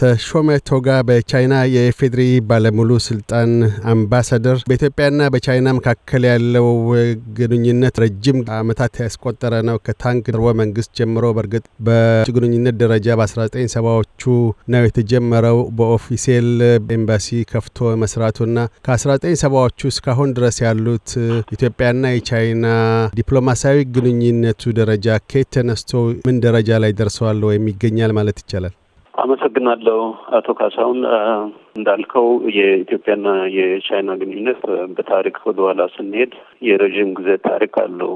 ተሾመ ቶጋ በቻይና የኢፌዴሪ ባለሙሉ ስልጣን አምባሳደር። በኢትዮጵያና በቻይና መካከል ያለው ግንኙነት ረጅም ዓመታት ያስቆጠረ ነው። ከታንክ ድርወ መንግስት ጀምሮ በእርግጥ በግንኙነት ደረጃ በ1970ዎቹ ነው የተጀመረው። በኦፊሴል ኤምባሲ ከፍቶ መስራቱና ከ1970ዎቹ እስካሁን ድረስ ያሉት ኢትዮጵያና የቻይና ዲፕሎማሲያዊ ግንኙነቱ ደረጃ ከየት ተነስቶ ምን ደረጃ ላይ ደርሰዋል ወይም ይገኛል ማለት ይቻላል? አመሰግናለሁ አቶ ካሳሁን። እንዳልከው የኢትዮጵያና የቻይና ግንኙነት በታሪክ ወደኋላ ስንሄድ የረዥም ጊዜ ታሪክ አለው።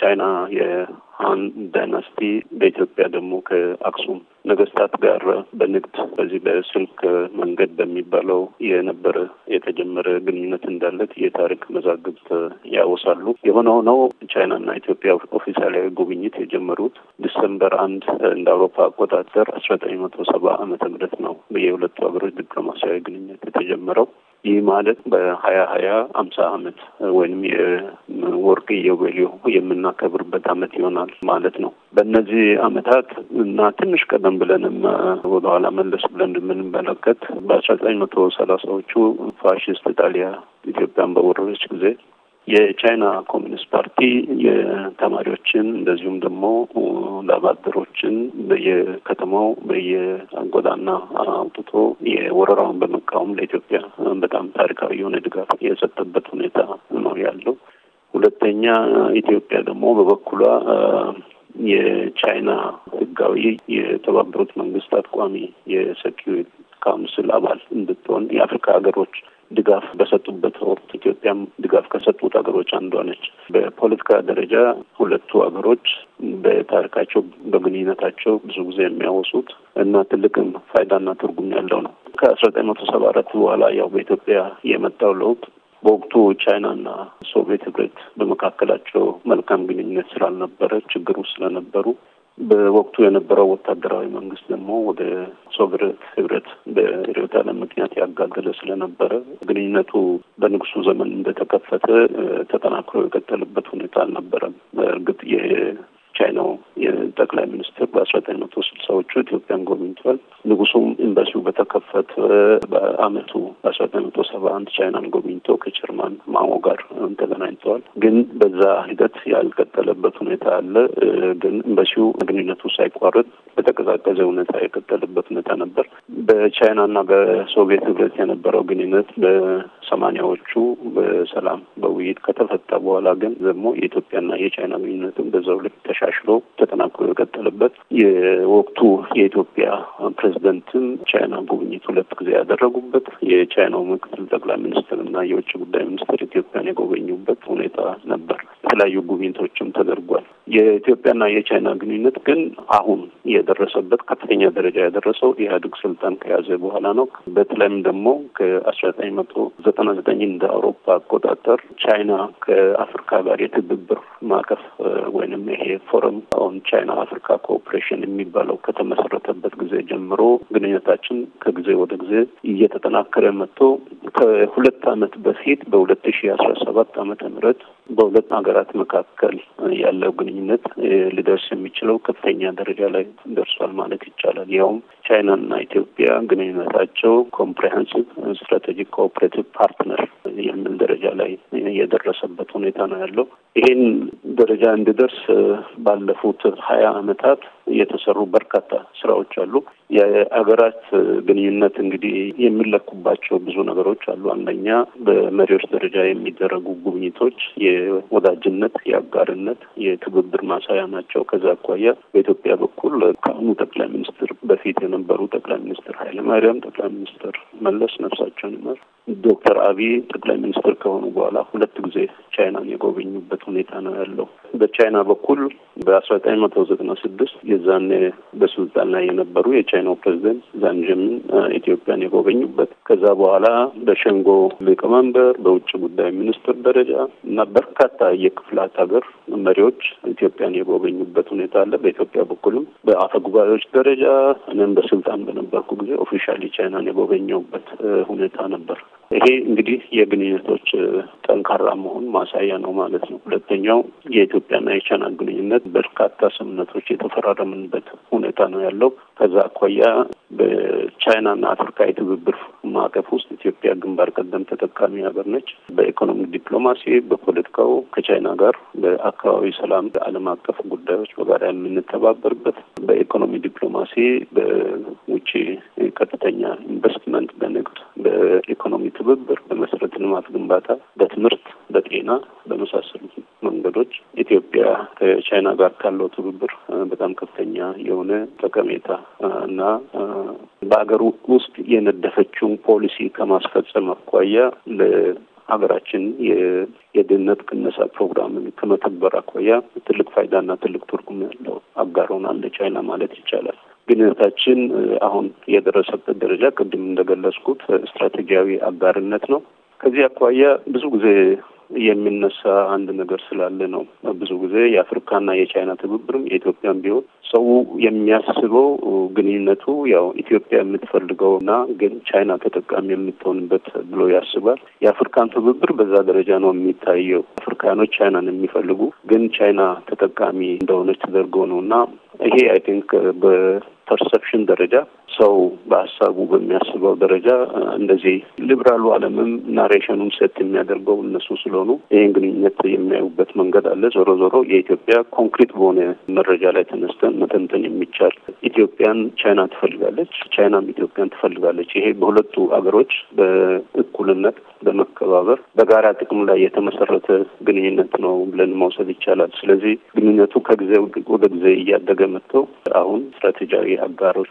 ቻይና የሃን ዳይናስቲ በኢትዮጵያ ደግሞ ከአክሱም ነገስታት ጋር በንግድ በዚህ በስልክ መንገድ በሚባለው የነበረ የተጀመረ ግንኙነት እንዳለት የታሪክ መዛግብት ያወሳሉ። የሆነው ነው ቻይናና ኢትዮጵያ ኦፊሳላዊ ጉብኝት የጀመሩት ዲሰምበር አንድ እንደ አውሮፓ አቆጣጠር አስራ ዘጠኝ መቶ ሰባ አመተ ምህረት ነው የሁለቱ ሀገሮች ዲፕሎማሲያዊ ግንኙነት የተጀመረው። ይህ ማለት በሀያ ሀያ አምሳ አመት ወይም የወርቅ ኢዮቤልዩ የምናከብርበት አመት ይሆናል ማለት ነው። በእነዚህ አመታት እና ትንሽ ቀደም ብለንም ወደኋላ መለስ ብለን እንደምንመለከት በአስራ ዘጠኝ መቶ ሰላሳዎቹ ፋሽስት ኢጣሊያ ኢትዮጵያን በወረረች ጊዜ የቻይና ኮሚኒስት ፓርቲ የተማሪዎችን እንደዚሁም ደግሞ ላባደሮችን በየከተማው በየጎዳና አውጥቶ የወረራውን በመቃወም ለኢትዮጵያ በጣም ታሪካዊ የሆነ ድጋፍ የሰጠበት ሁኔታ ነው ያለው። ሁለተኛ ኢትዮጵያ ደግሞ በበኩሏ የቻይና ህጋዊ የተባበሩት መንግስታት ቋሚ የሴኪሪቲ ካውንስል አባል እንድትሆን የአፍሪካ ሀገሮች ድጋፍ በሰጡበት ወቅት ኢትዮጵያም ድጋፍ ከሰጡት ሀገሮች አንዷ ነች። በፖለቲካ ደረጃ ሁለቱ ሀገሮች በታሪካቸው በግንኙነታቸው ብዙ ጊዜ የሚያወሱት እና ትልቅም ፋይዳና ትርጉም ያለው ነው። ከአስራ ዘጠኝ መቶ ሰባ አራት በኋላ ያው በኢትዮጵያ የመጣው ለውጥ በወቅቱ ቻይናና ሶቪየት ህብረት በመካከላቸው መልካም ግንኙነት ስላልነበረ ችግር ውስጥ ስለነበሩ በወቅቱ የነበረው ወታደራዊ መንግስት ደግሞ ወደ ሶቪየት ህብረት በርዕዮተ ዓለም ምክንያት ያጋደለ ስለነበረ ግንኙነቱ በንጉሱ ዘመን እንደተከፈተ ተጠናክሮ የቀጠለበት ሁኔታ አልነበረም። እርግጥ የቻይናው የጠቅላይ ሚኒስትር በአስራ ዘጠኝ መቶ ስልሳዎቹ ኢትዮጵያን ጎብኝተዋል። ንጉሱም ሲከፈት በአመቱ አስራ ዘጠኝ መቶ ሰባ አንድ ቻይናን ጎብኝቶ ከጀርመን ማሞ ጋር ተገናኝተዋል። ግን በዛ ሂደት ያልቀጠለበት ሁኔታ አለ። ግን ኤምባሲው ግንኙነቱ ሳይቋረጥ በተቀዛቀዘ ሁኔታ የቀጠለበት ሁኔታ ነበር። በቻይናና በሶቪየት ህብረት የነበረው ግንኙነት በሰማኒያዎቹ በሰላም በውይይት ከተፈታ በኋላ ግን ደግሞ የኢትዮጵያና የቻይና ግንኙነትም በዛው ልክ ተሻሽሎ ተጠናክሮ አለበት። የወቅቱ የኢትዮጵያ ፕሬዝደንትም ቻይና ጉብኝት ሁለት ጊዜ ያደረጉበት የቻይናው ምክትል ጠቅላይ ሚኒስትር እና የውጭ ጉዳይ ሚኒስትር ኢትዮጵያን የጎበኙበት ሁኔታ ነበር። የተለያዩ ጉብኝቶችም ተደርጓል። የኢትዮጵያና የቻይና ግንኙነት ግን አሁን የደረሰበት ከፍተኛ ደረጃ የደረሰው ኢህአዴግ ስልጣን ከያዘ በኋላ ነው። በተለይም ደግሞ ከአስራ ዘጠኝ መቶ ዘጠና ዘጠኝ እንደ አውሮፓ አቆጣጠር ቻይና ከአፍሪካ ጋር የትብብር ማዕቀፍ ወይንም ይሄ ፎረም አሁን ቻይና አፍሪካ ኮኦፕሬሽን የሚባለው ከተመሰረተበት ጊዜ ጀምሮ ግንኙነታችን ከጊዜ ወደ ጊዜ እየተጠናከረ መጥቶ ከሁለት ዓመት በፊት በሁለት ሺ አስራ ሰባት ዓመተ ምህረት በሁለት ሀገራት መካከል ያለው ግንኙነት ሊደርስ የሚችለው ከፍተኛ ደረጃ ላይ ደርሷል ማለት ይቻላል። ያውም ቻይናና ኢትዮጵያ ግንኙነታቸው ኮምፕሬሄንሲቭ ስትራቴጂክ ኮኦፕሬቲቭ ፓርትነር የሚል ደረጃ ላይ የደረሰበት ሁኔታ ነው ያለው። ይህን ደረጃ እንዲደርስ ባለፉት ሀያ ዓመታት የተሰሩ በርካታ ስራዎች አሉ። የአገራት ግንኙነት እንግዲህ የሚለኩባቸው ብዙ ነገሮች አሉ። አንደኛ በመሪዎች ደረጃ የሚደረጉ ጉብኝቶች የወዳጅነት፣ የአጋርነት፣ የትብብር ማሳያ ናቸው። ከዛ አኳያ በኢትዮጵያ በኩል ከአሁኑ ጠቅላይ ሚኒስትር በፊት የነ የነበሩ ጠቅላይ ሚኒስትር ኃይለማርያም፣ ጠቅላይ ሚኒስትር መለስ ነፍሳቸውን ይመር፣ ዶክተር አብይ ጠቅላይ ሚኒስትር ከሆኑ በኋላ ሁለት ጊዜ ቻይናን የጎበኙበት ሁኔታ ነው ያለው። በቻይና በኩል በአስራ ዘጠኝ መቶ ዘጠና ስድስት የዛኔ በስልጣን ላይ የነበሩ የቻይናው ፕሬዚደንት ዛንጀምን ኢትዮጵያን የጎበኙበት ከዛ በኋላ በሸንጎ ሊቀመንበር በውጭ ጉዳይ ሚኒስትር ደረጃ እና በርካታ የክፍላት ሀገር መሪዎች ኢትዮጵያን የጎበኙበት ሁኔታ አለ። በኢትዮጵያ በኩልም በአፈ ጉባኤዎች ደረጃ እኔም ስልጣን በነበርኩ ጊዜ ኦፊሻሊ ቻይናን የጎበኘውበት ሁኔታ ነበር። ይሄ እንግዲህ የግንኙነቶች ጠንካራ መሆን ማሳያ ነው ማለት ነው። ሁለተኛው የኢትዮጵያና የቻይና ግንኙነት በርካታ ስምምነቶች የተፈራረምንበት ሁኔታ ነው ያለው። ከዛ አኳያ በቻይናና አፍሪካ የትብብር ማዕቀፍ ውስጥ ኢትዮጵያ ግንባር ቀደም ተጠቃሚ ሀገር ነች። በኢኮኖሚ ዲፕሎማሲ፣ በፖለቲካው ከቻይና ጋር፣ በአካባቢ ሰላም፣ በዓለም አቀፍ ጉዳዮች በጋራ የምንተባበርበት በኢኮኖሚ ዲፕሎማሲ፣ በውጭ ቀጥተኛ ኢንቨስትመንት፣ በንግድ በኢኮኖሚ ትብብር፣ በመሰረተ ልማት ግንባታ፣ በትምህርት፣ በጤና በመሳሰሉ መንገዶች ኢትዮጵያ ከቻይና ጋር ካለው ትብብር በጣም ከፍተኛ የሆነ ጠቀሜታ እና በሀገር ውስጥ የነደፈችውን ፖሊሲ ከማስፈጸም አኳያ ሀገራችን የድህነት ቅነሳ ፕሮግራምን ከመተግበር አኳያ ትልቅ ፋይዳና ትልቅ ትርጉም ያለው አጋር ሆናለች ቻይና ማለት ይቻላል። ግንኙነታችን አሁን የደረሰበት ደረጃ ቅድም እንደገለጽኩት ስትራቴጂያዊ አጋርነት ነው። ከዚህ አኳያ ብዙ ጊዜ የሚነሳ አንድ ነገር ስላለ ነው። ብዙ ጊዜ የአፍሪካና የቻይና ትብብርም የኢትዮጵያም ቢሆን ሰው የሚያስበው ግንኙነቱ ያው ኢትዮጵያ የምትፈልገው ና ግን ቻይና ተጠቃሚ የምትሆንበት ብሎ ያስባል። የአፍሪካን ትብብር በዛ ደረጃ ነው የሚታየው። አፍሪካኖች ቻይናን የሚፈልጉ ግን ቻይና ተጠቃሚ እንደሆነች ተደርጎ ነው እና ይሄ አይ ቲንክ በፐርሰፕሽን ደረጃ ሰው በሀሳቡ በሚያስበው ደረጃ እንደዚህ ሊብራሉ ዓለምም ናሬሽኑን ሴት የሚያደርገው እነሱ ስለሆኑ ይህን ግንኙነት የሚያዩበት መንገድ አለ። ዞሮ ዞሮ የኢትዮጵያ ኮንክሪት በሆነ መረጃ ላይ ተነስተን መተንተን የሚቻል ኢትዮጵያን ቻይና ትፈልጋለች፣ ቻይናም ኢትዮጵያን ትፈልጋለች። ይሄ በሁለቱ አገሮች በእኩልነት በመከባበር በጋራ ጥቅም ላይ የተመሰረተ ግንኙነት ነው ብለን መውሰድ ይቻላል። ስለዚህ ግንኙነቱ ከጊዜ ወደ ጊዜ እያደገ መጥተው አሁን ስትራቴጂያዊ አጋሮች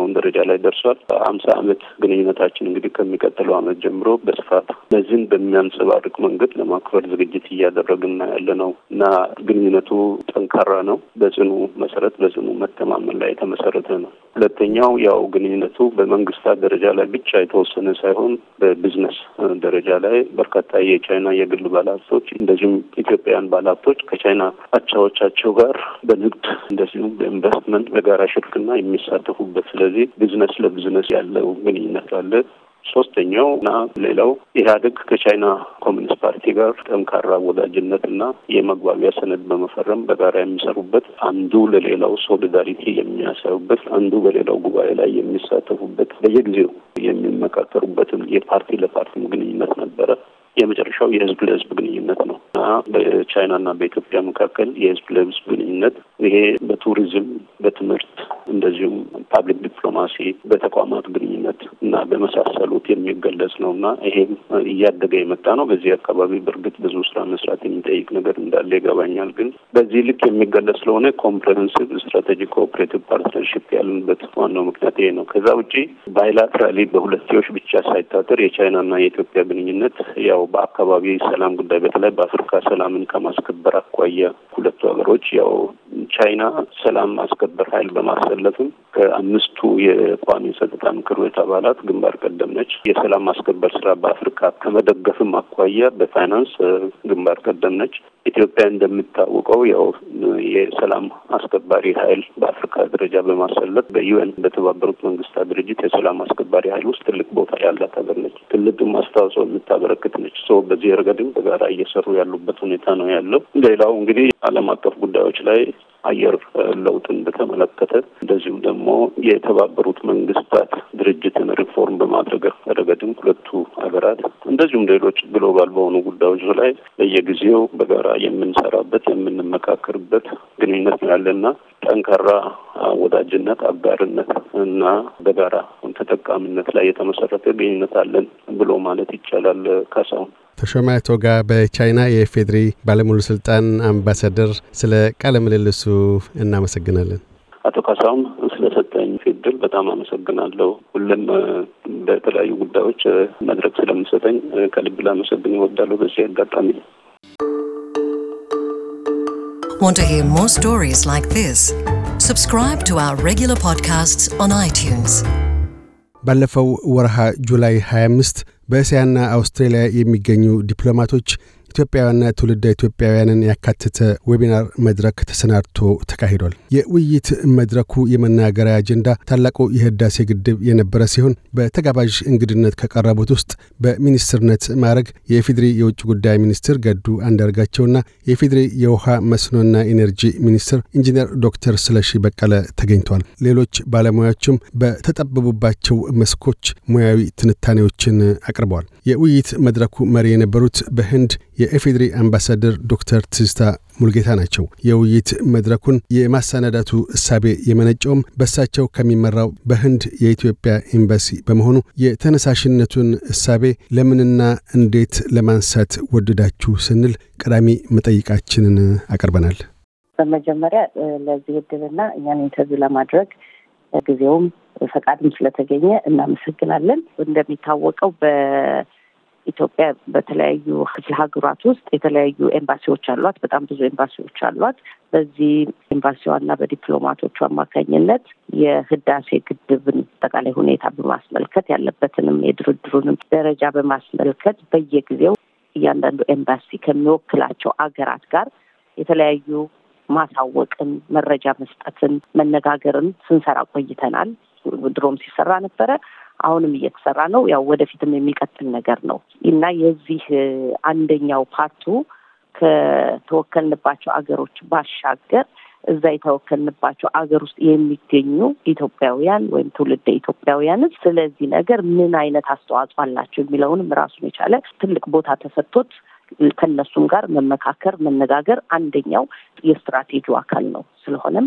አሁን ደረጃ ላይ ደርሷል። አምሳ አመት ግንኙነታችን እንግዲህ ከሚቀጥለው አመት ጀምሮ በስፋት በዚህን በሚያንጸባርቅ መንገድ ለማክበር ዝግጅት እያደረግና ያለ ነው እና ግንኙነቱ ጠንካራ ነው። በጽኑ መሰረት በጽኑ መተማመን ላይ የተመሰረተ ነው። ሁለተኛው ያው ግንኙነቱ በመንግስታት ደረጃ ላይ ብቻ የተወሰነ ሳይሆን በቢዝነስ ደረጃ ላይ በርካታ የቻይና የግል ባለሀብቶች እንደዚሁም ኢትዮጵያውያን ባለሀብቶች ከቻይና አቻዎቻቸው ጋር በንግድ እንደዚሁም በኢንቨስትመንት በጋራ ሽርክና የሚሳተፉበት ስለዚህ ቢዝነስ ለቢዝነስ ያለው ግንኙነት አለ። ሶስተኛው እና ሌላው ኢህአዴግ ከቻይና ኮሚኒስት ፓርቲ ጋር ጠንካራ ወዳጅነት እና የመግባቢያ ሰነድ በመፈረም በጋራ የሚሰሩበት አንዱ ለሌላው ሶሊዳሪቲ የሚያሳዩበት አንዱ በሌላው ጉባኤ ላይ የሚሳተፉበት በየጊዜው የሚመካከሩበትም የፓርቲ ለፓርቲም ግንኙነት ነበረ። የመጨረሻው የህዝብ ለህዝብ ግንኙነት ነው እና በቻይናና በኢትዮጵያ መካከል የህዝብ ለህዝብ ግንኙነት ይሄ በቱሪዝም፣ በትምህርት እንደዚሁም ፓብሊክ ዲፕሎማሲ በተቋማት እና በመሳሰሉት የሚገለጽ ነው እና ይሄም እያደገ የመጣ ነው። በዚህ አካባቢ በእርግጥ ብዙ ስራ መስራት የሚጠይቅ ነገር እንዳለ ይገባኛል። ግን በዚህ ልክ የሚገለጽ ስለሆነ ኮምፕሬሄንሲቭ ስትራቴጂክ ኮኦፕሬቲቭ ፓርትነርሽፕ ያለንበት ዋናው ምክንያት ይሄ ነው። ከዛ ውጪ ባይላትራሊ በሁለትዮሽ ብቻ ሳይታጠር የቻይናና የኢትዮጵያ ግንኙነት ያው በአካባቢ ሰላም ጉዳይ በተለይ በአፍሪካ ሰላምን ከማስከበር አኳያ ሁለቱ ሀገሮች ያው ቻይና ሰላም ማስከበር ኃይል በማሰለፍም ከአምስቱ የቋሚ ጸጥታ ምክር ቤት አባላት ግንባር ቀደም ነች። የሰላም ማስከበር ስራ በአፍሪካ ከመደገፍም አኳያ በፋይናንስ ግንባር ቀደም ነች። ኢትዮጵያ እንደሚታወቀው ያው የሰላም አስከባሪ ኃይል በአፍሪካ ደረጃ በማሰለፍ በዩኤን በተባበሩት መንግስታት ድርጅት የሰላም አስከባሪ ኃይል ውስጥ ትልቅ ቦታ ያላት ሀገር ነች። ትልቅም አስተዋጽኦ የምታበረክት ነች። ሰው በዚህ ረገድም በጋራ እየሰሩ ያሉበት ሁኔታ ነው ያለው። ሌላው እንግዲህ ዓለም አቀፍ ጉዳዮች ላይ አየር ለውጥን በተመለከተ እንደዚሁም ደግሞ የተባበሩት መንግስታት ድርጅትን ሪፎርም በማድረግ ረገድም ሁለቱ ሀገራት እንደዚሁም ሌሎች ግሎባል በሆኑ ጉዳዮች ላይ በየጊዜው በጋራ የምንሰራበት የምንመካከርበት ግንኙነት ነው ያለና ጠንካራ ወዳጅነት፣ አጋርነት እና በጋራ ተጠቃሚነት ላይ የተመሰረተ ግንኙነት አለን ብሎ ማለት ይቻላል ካሳሁን። ተሾመ ቶጋ በቻይና የኢፌዴሪ ባለሙሉ ስልጣን አምባሳደር፣ ስለ ቃለ ምልልሱ እናመሰግናለን። አቶ ካሳም ስለሰጠኝ ፊድል በጣም አመሰግናለሁ። ሁሉም በተለያዩ ጉዳዮች መድረክ ስለምሰጠኝ ከልብ ላመሰግን እወዳለሁ። በዚህ አጋጣሚ Want to hear more stories like this? Subscribe to our regular podcasts on iTunes. ባለፈው ወርሃ ጁላይ 25 በእስያና አውስትራሊያ የሚገኙ ዲፕሎማቶች ኢትዮጵያውያንና ትውልደ ኢትዮጵያውያንን ያካተተ ዌቢናር መድረክ ተሰናድቶ ተካሂዷል። የውይይት መድረኩ የመናገሪያ አጀንዳ ታላቁ የህዳሴ ግድብ የነበረ ሲሆን በተጋባዥ እንግድነት ከቀረቡት ውስጥ በሚኒስትርነት ማዕረግ የኢፌዴሪ የውጭ ጉዳይ ሚኒስትር ገዱ አንዳርጋቸውና የኢፌዴሪ የውሃ መስኖና ኢነርጂ ሚኒስትር ኢንጂነር ዶክተር ስለሺ በቀለ ተገኝተዋል። ሌሎች ባለሙያዎችም በተጠበቡባቸው መስኮች ሙያዊ ትንታኔዎችን አቅርበዋል። የውይይት መድረኩ መሪ የነበሩት በህንድ የኤፌድሪ አምባሳደር ዶክተር ትዝታ ሙልጌታ ናቸው። የውይይት መድረኩን የማሰናዳቱ እሳቤ የመነጨውም በሳቸው ከሚመራው በህንድ የኢትዮጵያ ኤምባሲ በመሆኑ የተነሳሽነቱን እሳቤ ለምንና እንዴት ለማንሳት ወደዳችሁ ስንል ቀዳሚ መጠይቃችንን አቅርበናል። በመጀመሪያ ለዚህ እድልና እኛን ኢንተርቪው ለማድረግ ጊዜውም ፈቃድም ስለተገኘ እናመሰግናለን። እንደሚታወቀው በ ኢትዮጵያ በተለያዩ ክፍለ ሀገራት ውስጥ የተለያዩ ኤምባሲዎች አሏት። በጣም ብዙ ኤምባሲዎች አሏት። በዚህ ኤምባሲዋና በዲፕሎማቶቹ አማካኝነት የህዳሴ ግድብን አጠቃላይ ሁኔታ በማስመልከት ያለበትንም የድርድሩንም ደረጃ በማስመልከት በየጊዜው እያንዳንዱ ኤምባሲ ከሚወክላቸው አገራት ጋር የተለያዩ ማሳወቅን፣ መረጃ መስጠትን፣ መነጋገርን ስንሰራ ቆይተናል። ድሮም ሲሰራ ነበረ። አሁንም እየተሰራ ነው። ያው ወደፊትም የሚቀጥል ነገር ነው እና የዚህ አንደኛው ፓርቱ ከተወከልንባቸው አገሮች ባሻገር እዛ የተወከልንባቸው አገር ውስጥ የሚገኙ ኢትዮጵያውያን ወይም ትውልደ ኢትዮጵያውያንን ስለዚህ ነገር ምን አይነት አስተዋጽኦ አላቸው የሚለውንም ራሱን የቻለ ትልቅ ቦታ ተሰጥቶት ከነሱም ጋር መመካከር፣ መነጋገር አንደኛው የስትራቴጂው አካል ነው። ስለሆነም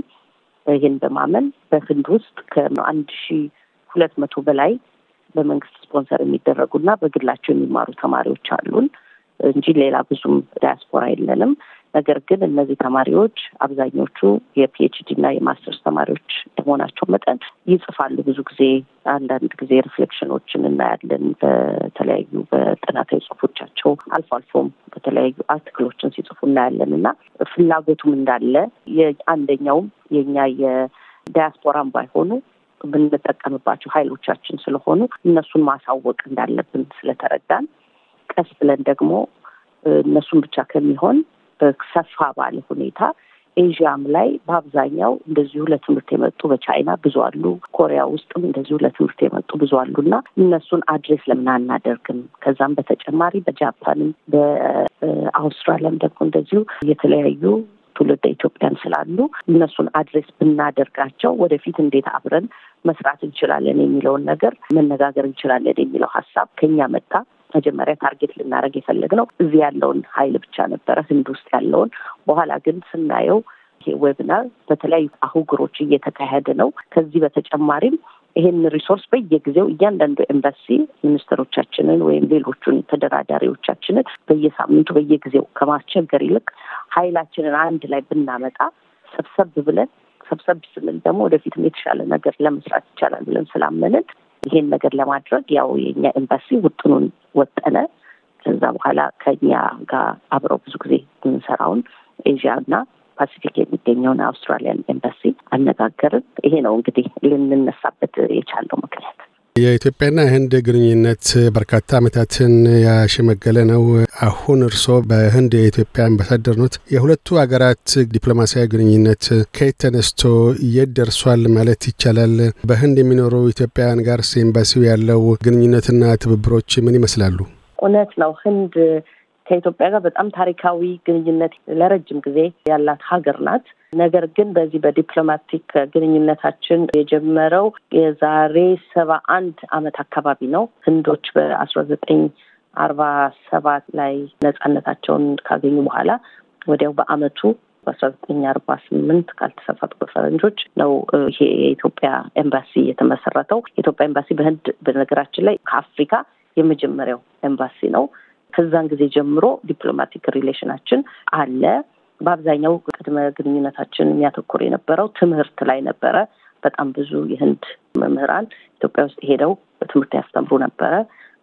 ይህን በማመን በህንድ ውስጥ ከአንድ ሺህ ሁለት መቶ በላይ በመንግስት ስፖንሰር የሚደረጉና በግላቸው የሚማሩ ተማሪዎች አሉን እንጂ ሌላ ብዙም ዳያስፖራ የለንም። ነገር ግን እነዚህ ተማሪዎች አብዛኞቹ የፒኤችዲ እና የማስተርስ ተማሪዎች የመሆናቸው መጠን ይጽፋሉ። ብዙ ጊዜ አንዳንድ ጊዜ ሪፍሌክሽኖችን እናያለን በተለያዩ በጥናታዊ ጽሁፎቻቸው፣ አልፎ አልፎም በተለያዩ አርቲክሎችን ሲጽፉ እናያለን እና ፍላጎቱም እንዳለ የአንደኛውም የኛ የዳያስፖራም ባይሆኑ የምንጠቀምባቸው ኃይሎቻችን ስለሆኑ እነሱን ማሳወቅ እንዳለብን ስለተረዳን ቀስ ብለን ደግሞ እነሱን ብቻ ከሚሆን ሰፋ ባለ ሁኔታ ኤዥያም ላይ በአብዛኛው እንደዚሁ ለትምህርት የመጡ በቻይና ብዙ አሉ። ኮሪያ ውስጥም እንደዚሁ ለትምህርት የመጡ ብዙ አሉ እና እነሱን አድሬስ ለምን አናደርግም? ከዛም በተጨማሪ በጃፓንም በአውስትራሊያም ደግሞ እንደዚሁ የተለያዩ ትውልደ ኢትዮጵያን ስላሉ እነሱን አድሬስ ብናደርጋቸው ወደፊት እንዴት አብረን መስራት እንችላለን የሚለውን ነገር መነጋገር እንችላለን የሚለው ሀሳብ ከኛ መጣ። መጀመሪያ ታርጌት ልናደርግ የፈለግነው እዚህ ያለውን ሀይል ብቻ ነበረ፣ ህንድ ውስጥ ያለውን። በኋላ ግን ስናየው ዌብናር በተለያዩ አህጉሮች እየተካሄደ ነው። ከዚህ በተጨማሪም ይሄን ሪሶርስ በየጊዜው እያንዳንዱ ኤምባሲ ሚኒስትሮቻችንን ወይም ሌሎቹን ተደራዳሪዎቻችንን በየሳምንቱ በየጊዜው ከማስቸገር ይልቅ ሀይላችንን አንድ ላይ ብናመጣ ሰብሰብ ብለን ሰብሰብ ስልን ደግሞ ወደፊትም የተሻለ ነገር ለመስራት ይቻላል ብለን ስላመንን ይሄን ነገር ለማድረግ ያው የኛ ኤምባሲ ውጥኑን ወጠነ። ከዛ በኋላ ከኛ ጋር አብረው ብዙ ጊዜ የምንሰራውን ኤዥያና ፓሲፊክ የሚገኘውን አውስትራሊያን ኤምባሲ አነጋገርን። ይሄ ነው እንግዲህ ልንነሳበት የቻለው ምክንያት። የኢትዮጵያና ህንድ ግንኙነት በርካታ ዓመታትን ያሸመገለ ነው። አሁን እርስዎ በህንድ የኢትዮጵያ አምባሳደር ኖት። የሁለቱ ሀገራት ዲፕሎማሲያዊ ግንኙነት ከየት ተነስቶ የት ደርሷል ማለት ይቻላል? በህንድ የሚኖሩ ኢትዮጵያውያን ጋር ኤምባሲው ያለው ግንኙነትና ትብብሮች ምን ይመስላሉ? እውነት ነው ህንድ ከኢትዮጵያ ጋር በጣም ታሪካዊ ግንኙነት ለረጅም ጊዜ ያላት ሀገር ናት። ነገር ግን በዚህ በዲፕሎማቲክ ግንኙነታችን የጀመረው የዛሬ ሰባ አንድ አመት አካባቢ ነው። ህንዶች በአስራ ዘጠኝ አርባ ሰባት ላይ ነጻነታቸውን ካገኙ በኋላ ወዲያው በአመቱ በአስራ ዘጠኝ አርባ ስምንት ካልተሳሳትኩ በፈረንጆች ነው ይሄ የኢትዮጵያ ኤምባሲ የተመሰረተው። የኢትዮጵያ ኤምባሲ በህንድ በነገራችን ላይ ከአፍሪካ የመጀመሪያው ኤምባሲ ነው። ከዛን ጊዜ ጀምሮ ዲፕሎማቲክ ሪሌሽናችን አለ። በአብዛኛው ቅድመ ግንኙነታችን የሚያተኩር የነበረው ትምህርት ላይ ነበረ። በጣም ብዙ የህንድ መምህራን ኢትዮጵያ ውስጥ ሄደው ትምህርት ያስተምሩ ነበረ።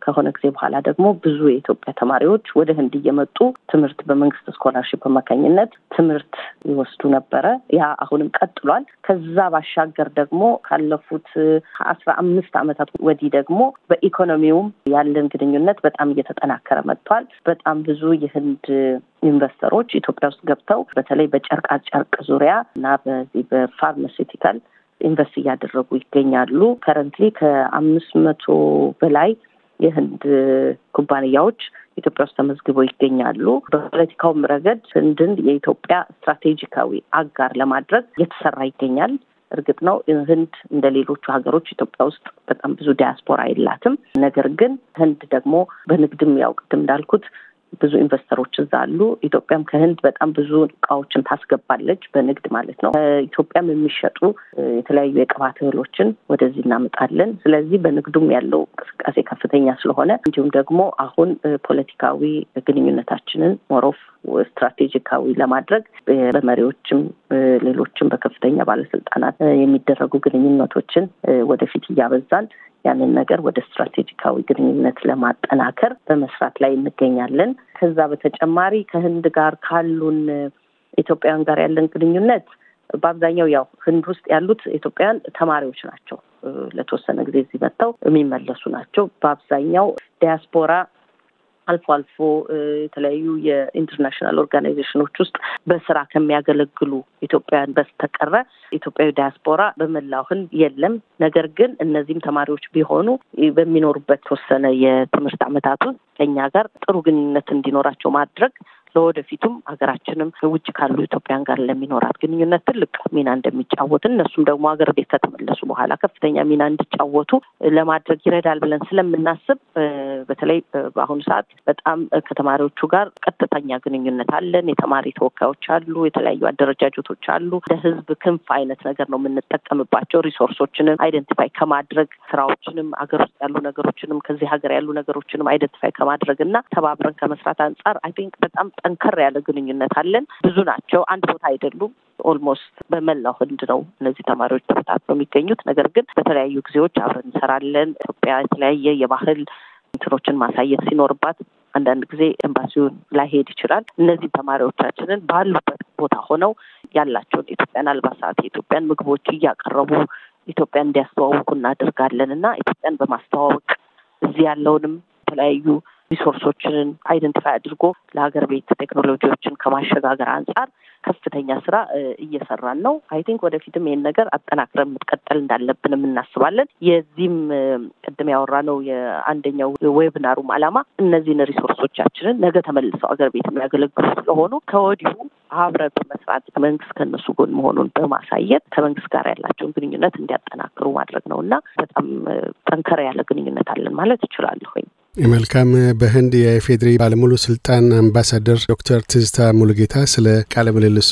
ከሆነ ጊዜ በኋላ ደግሞ ብዙ የኢትዮጵያ ተማሪዎች ወደ ህንድ እየመጡ ትምህርት በመንግስት ስኮላርሽፕ አማካኝነት ትምህርት ይወስዱ ነበረ። ያ አሁንም ቀጥሏል። ከዛ ባሻገር ደግሞ ካለፉት አስራ አምስት ዓመታት ወዲህ ደግሞ በኢኮኖሚውም ያለን ግንኙነት በጣም እየተጠናከረ መጥቷል። በጣም ብዙ የህንድ ኢንቨስተሮች ኢትዮጵያ ውስጥ ገብተው በተለይ በጨርቃ ጨርቅ ዙሪያ እና በዚህ በፋርማሲውቲካል ኢንቨስት እያደረጉ ይገኛሉ። ከረንትሊ ከአምስት መቶ በላይ የህንድ ኩባንያዎች ኢትዮጵያ ውስጥ ተመዝግበው ይገኛሉ። በፖለቲካውም ረገድ ህንድን የኢትዮጵያ ስትራቴጂካዊ አጋር ለማድረግ እየተሰራ ይገኛል። እርግጥ ነው ህንድ እንደ ሌሎቹ ሀገሮች ኢትዮጵያ ውስጥ በጣም ብዙ ዲያስፖራ የላትም። ነገር ግን ህንድ ደግሞ በንግድም ያው ቅድም እንዳልኩት ብዙ ኢንቨስተሮች እዛ አሉ። ኢትዮጵያም ከህንድ በጣም ብዙ እቃዎችን ታስገባለች በንግድ ማለት ነው። ኢትዮጵያም የሚሸጡ የተለያዩ የቅባት እህሎችን ወደዚህ እናመጣለን። ስለዚህ በንግዱም ያለው እንቅስቃሴ ከፍተኛ ስለሆነ እንዲሁም ደግሞ አሁን ፖለቲካዊ ግንኙነታችንን ሞሮፍ ስትራቴጂካዊ ለማድረግ በመሪዎችም ሌሎችም በከፍተኛ ባለስልጣናት የሚደረጉ ግንኙነቶችን ወደፊት እያበዛን ያንን ነገር ወደ ስትራቴጂካዊ ግንኙነት ለማጠናከር በመስራት ላይ እንገኛለን። ከዛ በተጨማሪ ከህንድ ጋር ካሉን ኢትዮጵያውያን ጋር ያለን ግንኙነት በአብዛኛው ያው ህንድ ውስጥ ያሉት ኢትዮጵያውያን ተማሪዎች ናቸው። ለተወሰነ ጊዜ እዚህ መጥተው የሚመለሱ ናቸው። በአብዛኛው ዲያስፖራ አልፎ አልፎ የተለያዩ የኢንተርናሽናል ኦርጋናይዜሽኖች ውስጥ በስራ ከሚያገለግሉ ኢትዮጵያውያን በስተቀረ ኢትዮጵያዊ ዲያስፖራ በመላው ህንድ የለም። ነገር ግን እነዚህም ተማሪዎች ቢሆኑ በሚኖሩበት ተወሰነ የትምህርት ዓመታት ውስጥ ከኛ ጋር ጥሩ ግንኙነት እንዲኖራቸው ማድረግ ለወደፊቱም ሀገራችንም ውጭ ካሉ ኢትዮጵያን ጋር ለሚኖራት ግንኙነት ትልቅ ሚና እንደሚጫወት እነሱም ደግሞ ሀገር ቤት ከተመለሱ በኋላ ከፍተኛ ሚና እንዲጫወቱ ለማድረግ ይረዳል ብለን ስለምናስብ በተለይ በአሁኑ ሰዓት በጣም ከተማሪዎቹ ጋር ቀጥተኛ ግንኙነት አለን። የተማሪ ተወካዮች አሉ። የተለያዩ አደረጃጀቶች አሉ። ለህዝብ ክንፍ አይነት ነገር ነው የምንጠቀምባቸው። ሪሶርሶችንም አይደንቲፋይ ከማድረግ ስራዎችንም ሀገር ውስጥ ያሉ ነገሮችንም ከዚህ ሀገር ያሉ ነገሮችንም አይደንቲፋይ ከማድረግ እና ተባብረን ከመስራት አንጻር አይ ቲንክ በጣም ጠንከር ያለ ግንኙነት አለን። ብዙ ናቸው፣ አንድ ቦታ አይደሉም። ኦልሞስት በመላው ህንድ ነው እነዚህ ተማሪዎች ነው የሚገኙት። ነገር ግን በተለያዩ ጊዜዎች አብረን እንሰራለን። ኢትዮጵያ የተለያየ የባህል እንትኖችን ማሳየት ሲኖርባት አንዳንድ ጊዜ ኤምባሲውን ላይሄድ ይችላል። እነዚህ ተማሪዎቻችንን ባሉበት ቦታ ሆነው ያላቸውን የኢትዮጵያን አልባሳት፣ የኢትዮጵያን ምግቦች እያቀረቡ ኢትዮጵያን እንዲያስተዋውቁ እናደርጋለን እና ኢትዮጵያን በማስተዋወቅ እዚህ ያለውንም የተለያዩ ሪሶርሶችንን አይደንቲፋይ አድርጎ ለሀገር ቤት ቴክኖሎጂዎችን ከማሸጋገር አንጻር ከፍተኛ ስራ እየሰራን ነው። አይ ቲንክ ወደፊትም ይህን ነገር አጠናክረን የምትቀጠል እንዳለብንም እናስባለን። የዚህም ቅድም ያወራነው የአንደኛው ዌብናሩም አላማ እነዚህን ሪሶርሶቻችንን ነገ ተመልሰው ሀገር ቤት የሚያገለግሉ ስለሆኑ ከወዲሁ አብረን በመስራት መንግስት ከእነሱ ጎን መሆኑን በማሳየት ከመንግስት ጋር ያላቸውን ግንኙነት እንዲያጠናክሩ ማድረግ ነው እና በጣም ጠንከር ያለ ግንኙነት አለን ማለት እችላለሁኝ። መልካም። በህንድ የኢፌዴሪ ባለሙሉ ስልጣን አምባሳደር ዶክተር ትዝታ ሙሉጌታ ስለ ቃለ ምልልሱ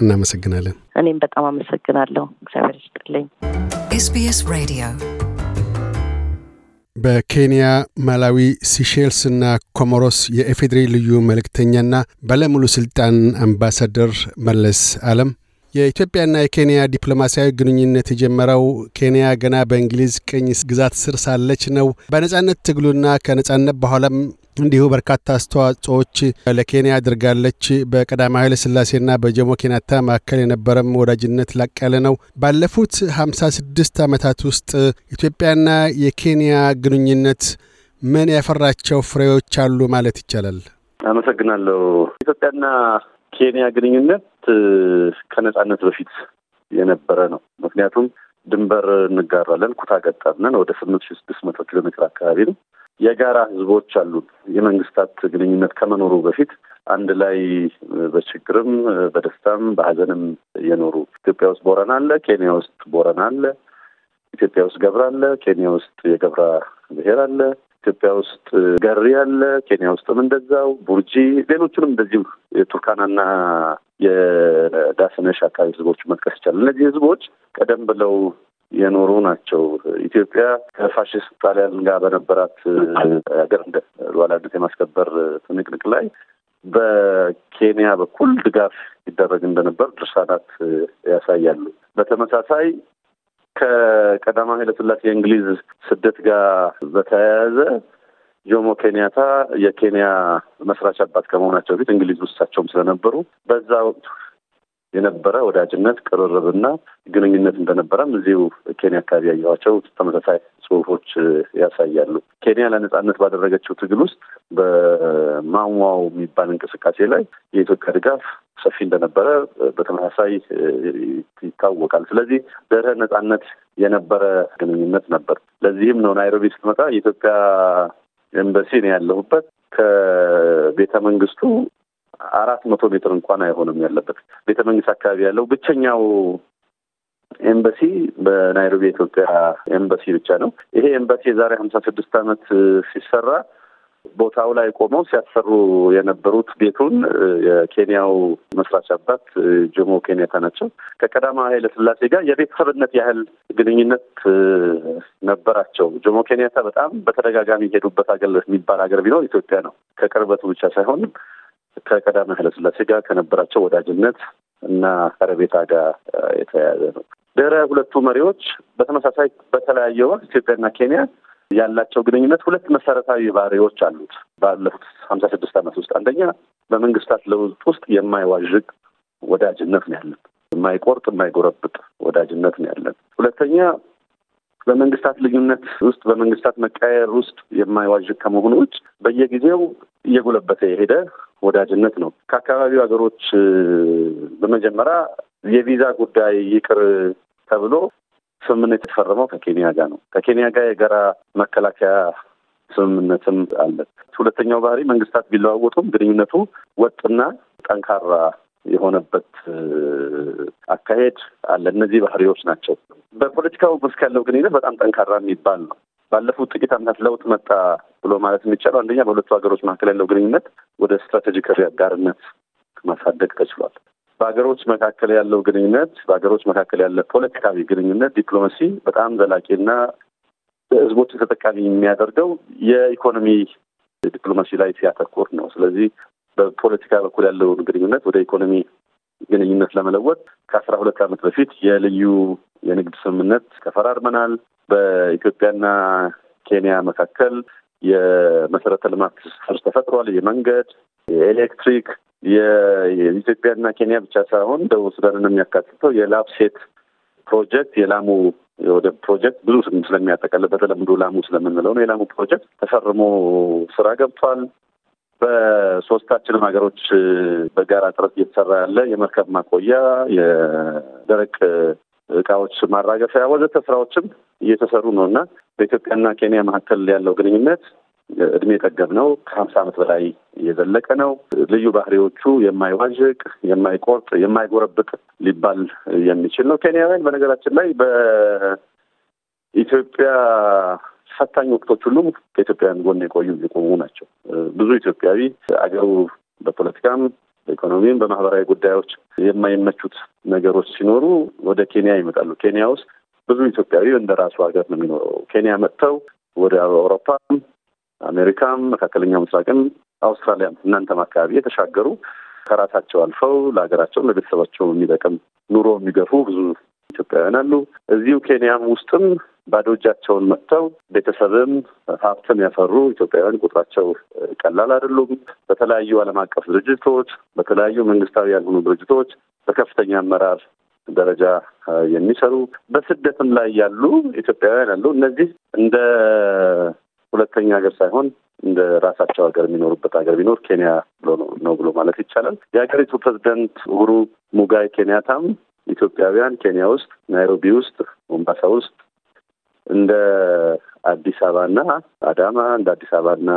እናመሰግናለን። እኔም በጣም አመሰግናለሁ። እግዚአብሔር ይስጥልኝ። ኤስቢኤስ ሬዲዮ በኬንያ፣ ማላዊ፣ ና ኮሞሮስ የኤፌድሪ ልዩ መልእክተኛና ባለሙሉ ስልጣን አምባሳደር መለስ አለም የኢትዮጵያና የኬንያ ዲፕሎማሲያዊ ግንኙነት የጀመረው ኬንያ ገና በእንግሊዝ ቅኝ ግዛት ስር ሳለች ነው። በነጻነት ትግሉና ከነጻነት በኋላም እንዲሁ በርካታ አስተዋጽኦዎች ለኬንያ አድርጋለች። በቀዳማዊ ኃይለ ሥላሴና በጆሞ ኬንያታ መካከል የነበረም ወዳጅነት ላቅ ያለ ነው። ባለፉት 56 ዓመታት ውስጥ ኢትዮጵያና የኬንያ ግንኙነት ምን ያፈራቸው ፍሬዎች አሉ ማለት ይቻላል? አመሰግናለሁ። ኢትዮጵያና ኬንያ ግንኙነት ከነጻነት በፊት የነበረ ነው። ምክንያቱም ድንበር እንጋራለን፣ ኩታ ገጠምነን ወደ ስምንት ሺ ስድስት መቶ ኪሎ ሜትር አካባቢ ነው። የጋራ ህዝቦች አሉ። የመንግስታት ግንኙነት ከመኖሩ በፊት አንድ ላይ በችግርም በደስታም በሀዘንም የኖሩ ኢትዮጵያ ውስጥ ቦረና አለ፣ ኬንያ ውስጥ ቦረና አለ። ኢትዮጵያ ውስጥ ገብራ አለ፣ ኬንያ ውስጥ የገብራ ብሔር አለ። ኢትዮጵያ ውስጥ ገሪ አለ፣ ኬንያ ውስጥም እንደዛው ቡርጂ፣ ሌሎቹንም እንደዚሁ የቱርካናና የዳሰነሽ አካባቢ ህዝቦች መጥቀስ ይቻላል። እነዚህ ህዝቦች ቀደም ብለው የኖሩ ናቸው። ኢትዮጵያ ከፋሽስት ጣሊያን ጋር በነበራት ሀገር እንደ ሉዓላዊነት የማስከበር ትንቅንቅ ላይ በኬንያ በኩል ድጋፍ ይደረግ እንደነበር ድርሳናት ያሳያሉ። በተመሳሳይ ከቀዳማዊ ኃይለሥላሴ የእንግሊዝ ስደት ጋር በተያያዘ ጆሞ ኬንያታ የኬንያ መስራች አባት ከመሆናቸው በፊት እንግሊዝ ውሳቸውም ስለነበሩ በዛ ወቅቱ የነበረ ወዳጅነት ቅርርብና ግንኙነት እንደነበረም እዚሁ ኬንያ አካባቢ ያየኋቸው ተመሳሳይ ጽሁፎች ያሳያሉ። ኬንያ ለነጻነት ባደረገችው ትግል ውስጥ በማዋው የሚባል እንቅስቃሴ ላይ የኢትዮጵያ ድጋፍ ሰፊ እንደነበረ በተመሳሳይ ይታወቃል። ስለዚህ ድህረ ነጻነት የነበረ ግንኙነት ነበር። ለዚህም ነው ናይሮቢ ስትመጣ የኢትዮጵያ ኤምባሲ ነው ያለሁበት ከቤተ መንግስቱ አራት መቶ ሜትር እንኳን አይሆንም ያለበት ቤተ መንግስት አካባቢ ያለው ብቸኛው ኤምባሲ በናይሮቢ የኢትዮጵያ ኤምባሲ ብቻ ነው። ይሄ ኤምባሲ የዛሬ ሀምሳ ስድስት ዓመት ሲሰራ ቦታው ላይ ቆመው ሲያሰሩ የነበሩት ቤቱን የኬንያው መስራች አባት ጆሞ ኬንያታ ናቸው። ከቀዳማዊ ኃይለ ሥላሴ ጋር የቤተሰብነት ያህል ግንኙነት ነበራቸው። ጆሞ ኬንያታ በጣም በተደጋጋሚ የሄዱበት ሀገር የሚባል ሀገር ቢኖር ኢትዮጵያ ነው። ከቅርበቱ ብቻ ሳይሆን ከቀዳማዊ ኃይለ ሥላሴ ጋር ከነበራቸው ወዳጅነት እና ቀረቤታ ጋር የተያያዘ ነው። ድህረ ሁለቱ መሪዎች በተመሳሳይ በተለያየ ወቅት ኢትዮጵያና ኬንያ ያላቸው ግንኙነት ሁለት መሰረታዊ ባህሪዎች አሉት። ባለፉት ሀምሳ ስድስት ዓመት ውስጥ አንደኛ በመንግስታት ለውጥ ውስጥ የማይዋዥቅ ወዳጅነት ነው ያለን፣ የማይቆርጥ የማይጎረብጥ ወዳጅነት ነው ያለን። ሁለተኛ በመንግስታት ልዩነት ውስጥ በመንግስታት መቀያየር ውስጥ የማይዋዥቅ ከመሆኑ ውጭ በየጊዜው እየጎለበተ የሄደ ወዳጅነት ነው። ከአካባቢው ሀገሮች በመጀመሪያ የቪዛ ጉዳይ ይቅር ተብሎ ስምምነት የተፈረመው ከኬንያ ጋር ነው። ከኬንያ ጋር የጋራ መከላከያ ስምምነትም አለ። ሁለተኛው ባህሪ መንግስታት ቢለዋወጡም ግንኙነቱ ወጥና ጠንካራ የሆነበት አካሄድ አለ። እነዚህ ባህሪዎች ናቸው። በፖለቲካው ውስጥ ያለው ግንኙነት በጣም ጠንካራ የሚባል ነው። ባለፉት ጥቂት ዓመታት ለውጥ መጣ ብሎ ማለት የሚቻለው አንደኛ በሁለቱ ሀገሮች መካከል ያለው ግንኙነት ወደ ስትራቴጂክ አጋርነት ማሳደግ ተችሏል። በሀገሮች መካከል ያለው ግንኙነት በሀገሮች መካከል ያለ ፖለቲካዊ ግንኙነት ዲፕሎማሲ በጣም ዘላቂና ህዝቦች ተጠቃሚ የሚያደርገው የኢኮኖሚ ዲፕሎማሲ ላይ ሲያተኩር ነው። ስለዚህ በፖለቲካ በኩል ያለውን ግንኙነት ወደ ኢኮኖሚ ግንኙነት ለመለወጥ ከአስራ ሁለት ዓመት በፊት የልዩ የንግድ ስምምነት ተፈራርመናል። በኢትዮጵያና ኬንያ መካከል የመሰረተ ልማት ስር ተፈጥሯል። የመንገድ፣ የኤሌክትሪክ የኢትዮጵያና ኬንያ ብቻ ሳይሆን ደቡብ ሱዳንን የሚያካትተው የላፕሴት ፕሮጀክት የላሙ የወደብ ፕሮጀክት ብዙ ስለሚያጠቀል በተለምዶ ላሙ ስለምንለው ነው። የላሙ ፕሮጀክት ተፈርሞ ስራ ገብቷል። በሶስታችንም ሀገሮች በጋራ ጥረት እየተሰራ ያለ የመርከብ ማቆያ፣ የደረቅ እቃዎች ማራገፊያ ወዘተ ስራዎችም እየተሰሩ ነው እና በኢትዮጵያና ኬንያ መካከል ያለው ግንኙነት እድሜ ጠገብ ነው። ከሀምሳ ዓመት በላይ የዘለቀ ነው። ልዩ ባህሪዎቹ የማይዋዥቅ፣ የማይቆርጥ፣ የማይጎረብጥ ሊባል የሚችል ነው። ኬንያውያን በነገራችን ላይ በኢትዮጵያ ፈታኝ ወቅቶች ሁሉም ከኢትዮጵያውያን ጎን የቆዩ የቆሙ ናቸው። ብዙ ኢትዮጵያዊ አገሩ በፖለቲካም በኢኮኖሚም በማህበራዊ ጉዳዮች የማይመቹት ነገሮች ሲኖሩ ወደ ኬንያ ይመጣሉ። ኬንያ ውስጥ ብዙ ኢትዮጵያዊ እንደ ራሱ ሀገር ነው የሚኖረው። ኬንያ መጥተው ወደ አውሮፓ አሜሪካም፣ መካከለኛው ምስራቅም፣ አውስትራሊያም እናንተም አካባቢ የተሻገሩ ከራሳቸው አልፈው ለሀገራቸው ለቤተሰባቸውም የሚጠቅም ኑሮ የሚገፉ ብዙ ኢትዮጵያውያን አሉ። እዚሁ ኬንያም ውስጥም ባዶ እጃቸውን መጥተው ቤተሰብም ሀብትም ያፈሩ ኢትዮጵያውያን ቁጥራቸው ቀላል አይደሉም። በተለያዩ ዓለም አቀፍ ድርጅቶች፣ በተለያዩ መንግስታዊ ያልሆኑ ድርጅቶች በከፍተኛ አመራር ደረጃ የሚሰሩ በስደትም ላይ ያሉ ኢትዮጵያውያን አሉ። እነዚህ እንደ ሁለተኛ ሀገር ሳይሆን እንደ ራሳቸው ሀገር የሚኖሩበት ሀገር ቢኖር ኬንያ ብሎ ነው ብሎ ማለት ይቻላል። የሀገሪቱ ፕሬዚደንት ኡሁሩ ሙጋይ ኬንያታም ኢትዮጵያውያን ኬንያ ውስጥ፣ ናይሮቢ ውስጥ፣ ሞምባሳ ውስጥ እንደ አዲስ አበባና አዳማ እንደ አዲስ አበባና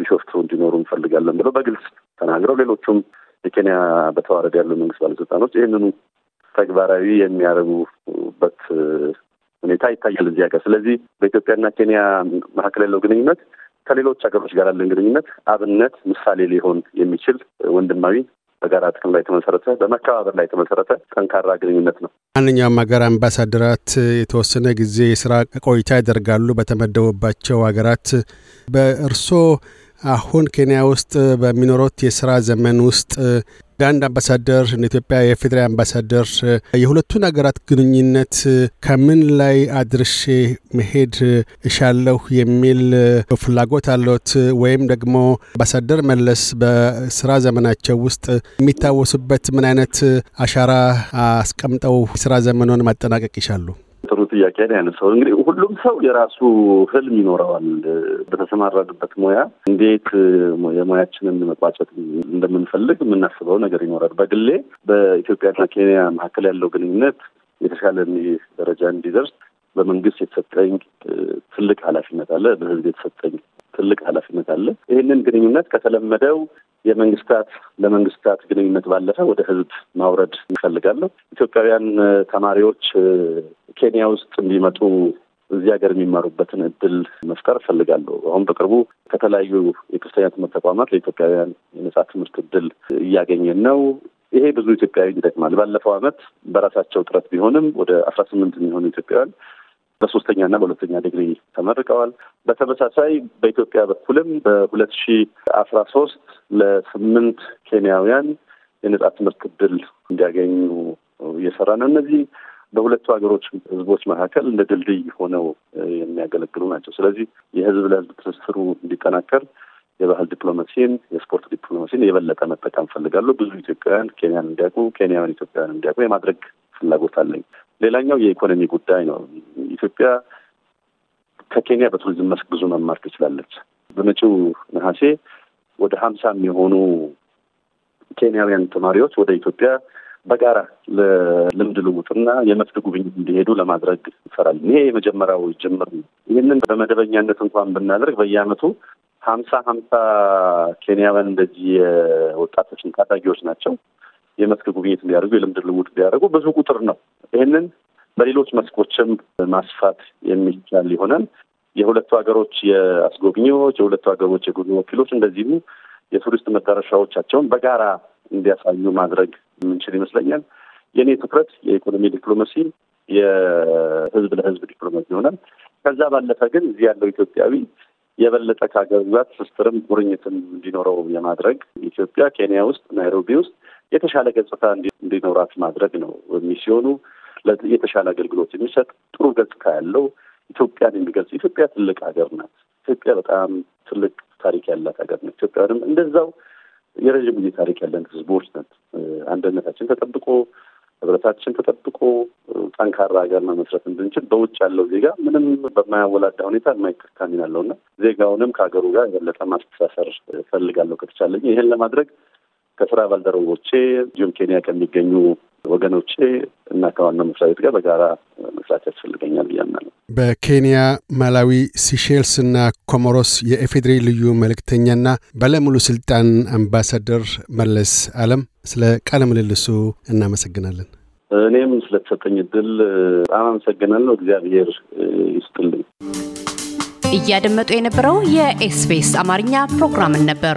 ቢሾፍቱ እንዲኖሩ እንፈልጋለን ብለው በግልጽ ተናግረው ሌሎቹም የኬንያ በተዋረድ ያሉ መንግስት ባለስልጣኖች ይህንኑ ተግባራዊ የሚያደርጉበት ሁኔታ ይታያል እዚህ ሀገር። ስለዚህ በኢትዮጵያና ኬንያ መካከል ያለው ግንኙነት ከሌሎች ሀገሮች ጋር ያለን ግንኙነት አብነት ምሳሌ ሊሆን የሚችል ወንድማዊ በጋራ ጥቅም ላይ የተመሰረተ በመከባበር ላይ የተመሰረተ ጠንካራ ግንኙነት ነው። ማንኛውም ሀገር አምባሳደራት የተወሰነ ጊዜ የስራ ቆይታ ያደርጋሉ በተመደቡባቸው ሀገራት። በእርሶ አሁን ኬንያ ውስጥ በሚኖሩት የስራ ዘመን ውስጥ የአንድ አምባሳደር እንደ ኢትዮጵያ የፌዴራል አምባሳደር የሁለቱን ሀገራት ግንኙነት ከምን ላይ አድርሼ መሄድ እሻለሁ የሚል ፍላጎት አለት ወይም ደግሞ አምባሳደር መለስ በስራ ዘመናቸው ውስጥ የሚታወሱበት ምን አይነት አሻራ አስቀምጠው የስራ ዘመኑን ማጠናቀቅ ይሻሉ? ጥሩ ጥያቄ ነው ያነሳው። እንግዲህ ሁሉም ሰው የራሱ ህልም ይኖረዋል። በተሰማራንበት ሙያ እንዴት የሙያችንን መቋጨት እንደምንፈልግ የምናስበው ነገር ይኖራል። በግሌ በኢትዮጵያና ኬንያ መካከል ያለው ግንኙነት የተሻለ ደረጃ እንዲደርስ በመንግስት የተሰጠኝ ትልቅ ኃላፊነት አለ። በህዝብ የተሰጠኝ ትልቅ ኃላፊነት አለ። ይህንን ግንኙነት ከተለመደው የመንግስታት ለመንግስታት ግንኙነት ባለፈ ወደ ህዝብ ማውረድ እንፈልጋለሁ። ኢትዮጵያውያን ተማሪዎች ኬንያ ውስጥ እንዲመጡ እዚህ ሀገር የሚማሩበትን እድል መፍጠር እፈልጋለሁ። አሁን በቅርቡ ከተለያዩ የክርስተኛ ትምህርት ተቋማት ለኢትዮጵያውያን የነጻ ትምህርት እድል እያገኘን ነው። ይሄ ብዙ ኢትዮጵያዊ ይጠቅማል። ባለፈው ዓመት በራሳቸው ጥረት ቢሆንም ወደ አስራ ስምንት የሚሆኑ ኢትዮጵያውያን በሶስተኛና በሁለተኛ ዲግሪ ተመርቀዋል። በተመሳሳይ በኢትዮጵያ በኩልም በሁለት ሺ አስራ ሶስት ለስምንት ኬንያውያን የነጻ ትምህርት እድል እንዲያገኙ እየሰራ ነው። እነዚህ በሁለቱ ሀገሮች ህዝቦች መካከል እንደ ድልድይ ሆነው የሚያገለግሉ ናቸው። ስለዚህ የህዝብ ለህዝብ ትስስሩ እንዲጠናከር የባህል ዲፕሎማሲን፣ የስፖርት ዲፕሎማሲን የበለጠ መጠቀም ፈልጋለሁ። ብዙ ኢትዮጵያውያን ኬንያን እንዲያውቁ፣ ኬንያውያን ኢትዮጵያውያን እንዲያውቁ የማድረግ ፍላጎት አለኝ። ሌላኛው የኢኮኖሚ ጉዳይ ነው። ኢትዮጵያ ከኬንያ በቱሪዝም መስክ ብዙ መማር ትችላለች። በመጪው ነሐሴ ወደ ሀምሳ የሚሆኑ ኬንያውያን ተማሪዎች ወደ ኢትዮጵያ በጋራ ለልምድ ልውጥና የመስክ ጉብኝት እንዲሄዱ ለማድረግ ይሰራል። ይሄ የመጀመሪያው ጅምር ነው። ይህንን በመደበኛነት እንኳን ብናደርግ በየአመቱ ሀምሳ ሀምሳ ኬንያውያን እንደዚህ የወጣቶችን ታዳጊዎች ናቸው የመስክ ጉብኝት እንዲያደርጉ የልምድ ልውጥ እንዲያደርጉ ብዙ ቁጥር ነው። ይህንን በሌሎች መስኮችም ማስፋት የሚቻል ይሆናል። የሁለቱ ሀገሮች የአስጎብኚዎች፣ የሁለቱ ሀገሮች የጉዞ ወኪሎች እንደዚሁ የቱሪስት መዳረሻዎቻቸውን በጋራ እንዲያሳዩ ማድረግ የምንችል ይመስለኛል። የእኔ ትኩረት የኢኮኖሚ ዲፕሎማሲ፣ የህዝብ ለህዝብ ዲፕሎማሲ ይሆናል። ከዛ ባለፈ ግን እዚህ ያለው ኢትዮጵያዊ የበለጠ ከሀገር ግዛት ትስስርም ቁርኝትም እንዲኖረው የማድረግ ኢትዮጵያ ኬንያ ውስጥ ናይሮቢ ውስጥ የተሻለ ገጽታ እንዲኖራት ማድረግ ነው የሚሲሆኑ የተሻለ አገልግሎት የሚሰጥ ጥሩ ገጽታ ያለው ኢትዮጵያን የሚገልጽ ኢትዮጵያ ትልቅ ሀገር ናት። ኢትዮጵያ በጣም ትልቅ ታሪክ ያላት ሀገር ነው። ኢትዮጵያንም እንደዛው የረዥም ጊዜ ታሪክ ያለን ህዝቦች ነን። አንድነታችን ተጠብቆ ህብረታችን ተጠብቆ ጠንካራ ሀገር መመስረት እንድንችል በውጭ ያለው ዜጋ ምንም በማያወላዳ ሁኔታ የማይከካሚን አለው አለውና ዜጋውንም ከሀገሩ ጋር የበለጠ ማስተሳሰር እፈልጋለሁ ከተቻለኝ። ይህን ለማድረግ ከስራ ባልደረቦቼ እንዲሁም ኬንያ ከሚገኙ ወገኖቼ እና ከዋናው መስሪያ ቤት ጋር በጋራ መስራት ያስፈልገኛል ብያምናለሁ። በኬንያ፣ ማላዊ፣ ሲሼልስ እና ኮሞሮስ የኢፌዴሪ ልዩ መልእክተኛና ባለሙሉ ስልጣን አምባሳደር መለስ አለም ስለ ቃለ ምልልሱ እናመሰግናለን። እኔም ስለተሰጠኝ እድል በጣም አመሰግናለሁ። እግዚአብሔር ይስጥልኝ። እያደመጡ የነበረው የኤስቢኤስ አማርኛ ፕሮግራምን ነበር።